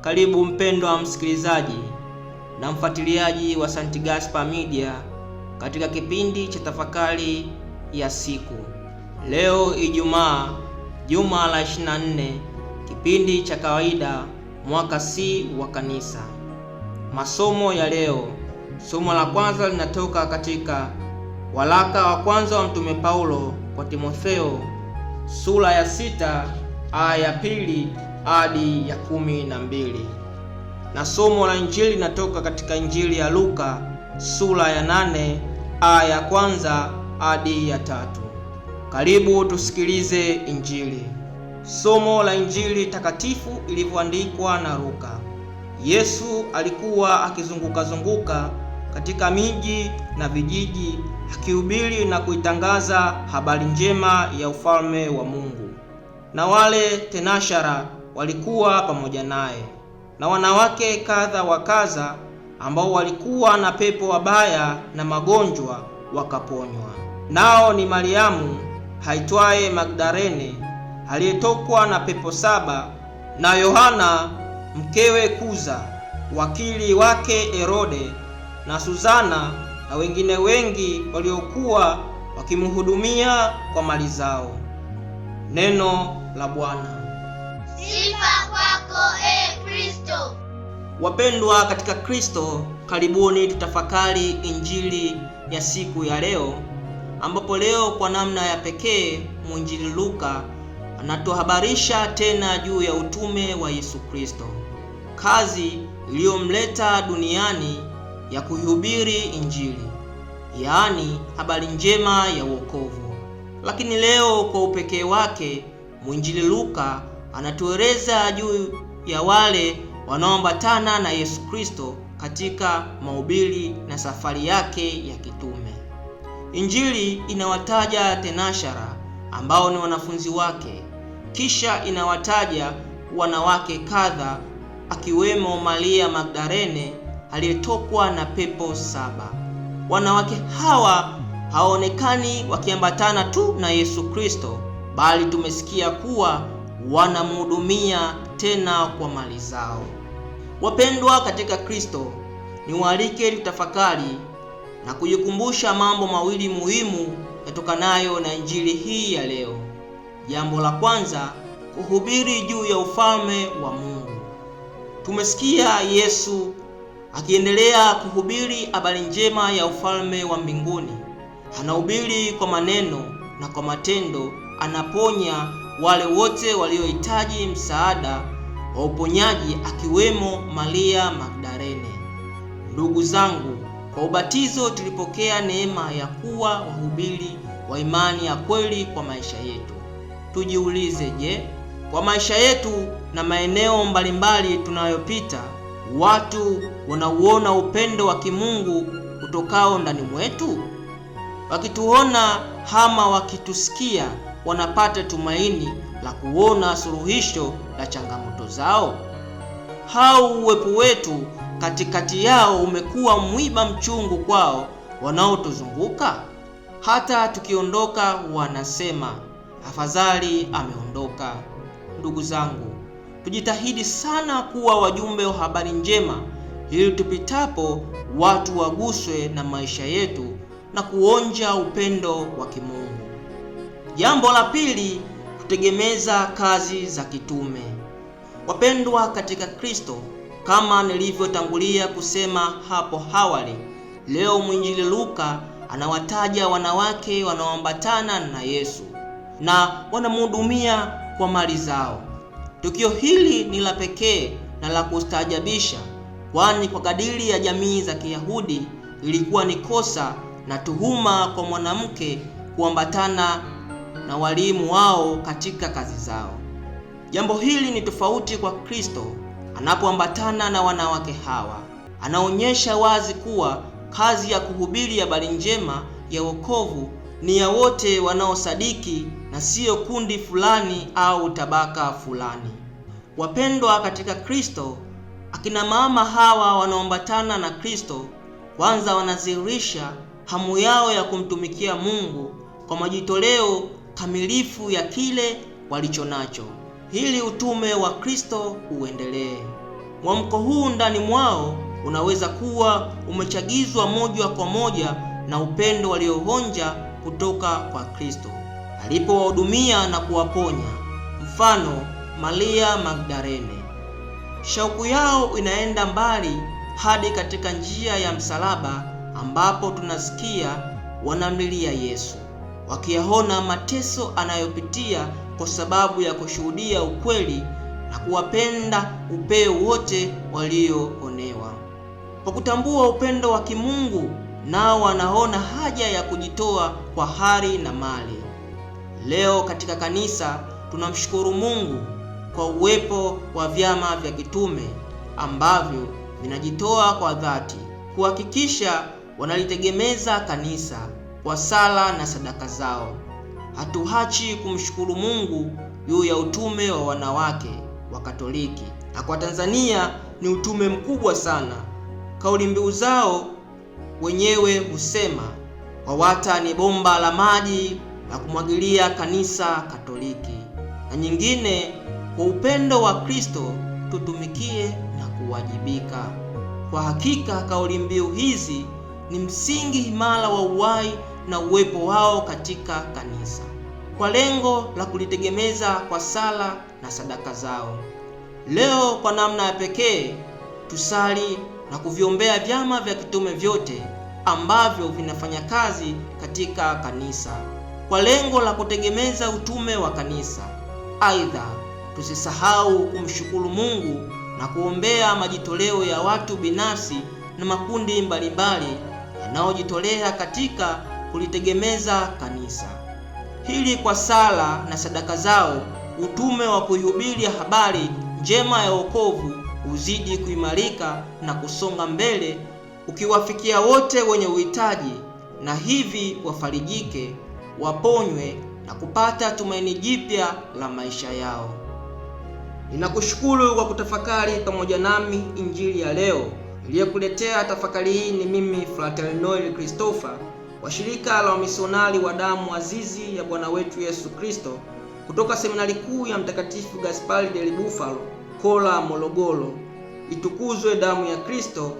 Karibu mpendwa msikilizaji na mfuatiliaji wa St. Gaspar Media katika kipindi cha tafakari ya siku. Leo Ijumaa, juma la 24, kipindi cha kawaida, mwaka C wa kanisa. Masomo ya leo, somo la kwanza linatoka katika waraka wa kwanza wa Mtume Paulo kwa Timotheo sura ya sita aya ya pili hadi ya kumi na mbili na somo la injili linatoka katika Injili ya Luka sura ya nane aya ya kwanza hadi ya tatu. Karibu tusikilize injili. Somo la injili takatifu ilivyoandikwa na Luka. Yesu alikuwa akizungukazunguka katika miji na vijiji akihubiri na kuitangaza habari njema ya ufalme wa Mungu na wale tenashara walikuwa pamoja naye na wanawake kadha wa kadha ambao walikuwa na pepo wabaya na magonjwa wakaponywa. Nao ni Mariamu haitwaye Magdalene aliyetokwa na pepo saba, na Yohana mkewe Kuza, wakili wake Herode, na Suzana na wengine wengi waliokuwa wakimhudumia kwa mali zao. Neno la Bwana. Sifa kwako e Kristo. Wapendwa katika Kristo, karibuni tutafakari injili ya siku ya leo, ambapo leo kwa namna ya pekee mwinjili Luka anatuhabarisha tena juu ya utume wa Yesu Kristo, kazi iliyomleta duniani ya kuihubiri injili, yaani habari njema ya wokovu. Lakini leo kwa upekee wake mwinjili Luka anatueleza juu ya wale wanaoambatana na Yesu Kristo katika mahubiri na safari yake ya kitume. Injili inawataja tenashara ambao ni wanafunzi wake, kisha inawataja wanawake kadha akiwemo Maria Magdalene aliyetokwa na pepo saba. Wanawake hawa hawaonekani wakiambatana tu na Yesu Kristo bali tumesikia kuwa wanamhudumia tena kwa mali zao. Wapendwa katika Kristo, walike tutafakari na kujikumbusha mambo mawili muhimu yatokanayo na injili hii ya leo. Jambo la kwanza, kuhubiri juu ya ufalme wa Mungu. Tumesikia Yesu akiendelea kuhubiri habari njema ya ufalme wa mbinguni. Anahubiri kwa maneno na kwa matendo anaponya wale wote waliohitaji msaada wa uponyaji akiwemo Maria Magdalene. Ndugu zangu, kwa ubatizo tulipokea neema ya kuwa wahubiri wa imani ya kweli kwa maisha yetu. Tujiulize, je, kwa maisha yetu na maeneo mbalimbali tunayopita, watu wanauona upendo wa kimungu utokao ndani mwetu? Wakituona hama wakitusikia wanapata tumaini la kuona suluhisho la changamoto zao? Hao uwepo wetu katikati yao umekuwa mwiba mchungu kwao wanaotuzunguka? Hata tukiondoka wanasema afadhali ameondoka. Ndugu zangu, tujitahidi sana kuwa wajumbe wa habari njema, ili tupitapo watu waguswe na maisha yetu na kuonja upendo wa Kimungu. Jambo la pili, kutegemeza kazi za kitume. Wapendwa katika Kristo, kama nilivyotangulia kusema hapo awali, leo mwinjili Luka anawataja wanawake wanaoambatana na Yesu na wanamhudumia kwa mali zao. Tukio hili ni la pekee na la kustaajabisha, kwani kwa kadiri ya jamii za Kiyahudi ilikuwa ni kosa na tuhuma kwa mwanamke kuambatana na walimu wao katika kazi zao. Jambo hili ni tofauti kwa Kristo anapoambatana na wanawake hawa. Anaonyesha wazi kuwa kazi ya kuhubiri habari njema ya wokovu ni ya wote wanaosadiki na siyo kundi fulani au tabaka fulani. Wapendwa katika Kristo, akina mama hawa wanaoambatana na Kristo kwanza wanadhihirisha hamu yao ya kumtumikia Mungu kwa majitoleo kamilifu ya kile walicho nacho, ili utume wa Kristo uendelee. Mwamko huu ndani mwao unaweza kuwa umechagizwa moja kwa moja na upendo walioonja kutoka kwa Kristo alipowahudumia na kuwaponya, mfano Maria Magdalene. Shauku yao inaenda mbali hadi katika njia ya msalaba ambapo tunasikia wanamlilia Yesu wakiyaona mateso anayopitia kwa sababu ya kushuhudia ukweli na kuwapenda upeo wote walioonewa. Kwa kutambua upendo wa kimungu, nao wanaona haja ya kujitoa kwa hali na mali. Leo katika kanisa tunamshukuru Mungu kwa uwepo wa vyama vya kitume ambavyo vinajitoa kwa dhati kuhakikisha wanalitegemeza kanisa kwa sala na sadaka zao. Hatuhachi kumshukuru Mungu juu ya utume wa wanawake wa Katoliki, na kwa Tanzania ni utume mkubwa sana. Kauli mbiu zao wenyewe husema WAWATA ni bomba la maji la kumwagilia kanisa Katoliki, na nyingine kwa upendo wa Kristo tutumikie na kuwajibika. Kwa hakika kauli mbiu hizi ni msingi imara wa uhai na uwepo wao katika kanisa kwa lengo la kulitegemeza kwa sala na sadaka zao. Leo kwa namna ya pekee tusali na kuviombea vyama vya kitume vyote ambavyo vinafanya kazi katika kanisa kwa lengo la kutegemeza utume wa kanisa. Aidha, tusisahau kumshukuru Mungu na kuombea majitoleo ya watu binafsi na makundi mbalimbali yanayojitolea katika kulitegemeza kanisa hili kwa sala na sadaka zao. Utume wa kuhubiri habari njema ya wokovu uzidi kuimarika na kusonga mbele, ukiwafikia wote wenye uhitaji, na hivi wafarijike, waponywe na kupata tumaini jipya la maisha yao. Ninakushukuru kwa kutafakari pamoja nami injili ya leo. Niliyekuletea tafakari hii ni mimi Frateli Noel Christopher Washirika la wamisionari wa damu azizi ya Bwana wetu Yesu Kristo kutoka seminari kuu ya Mtakatifu Gaspari del Bufalo, Kola, Morogoro. Itukuzwe damu ya Kristo!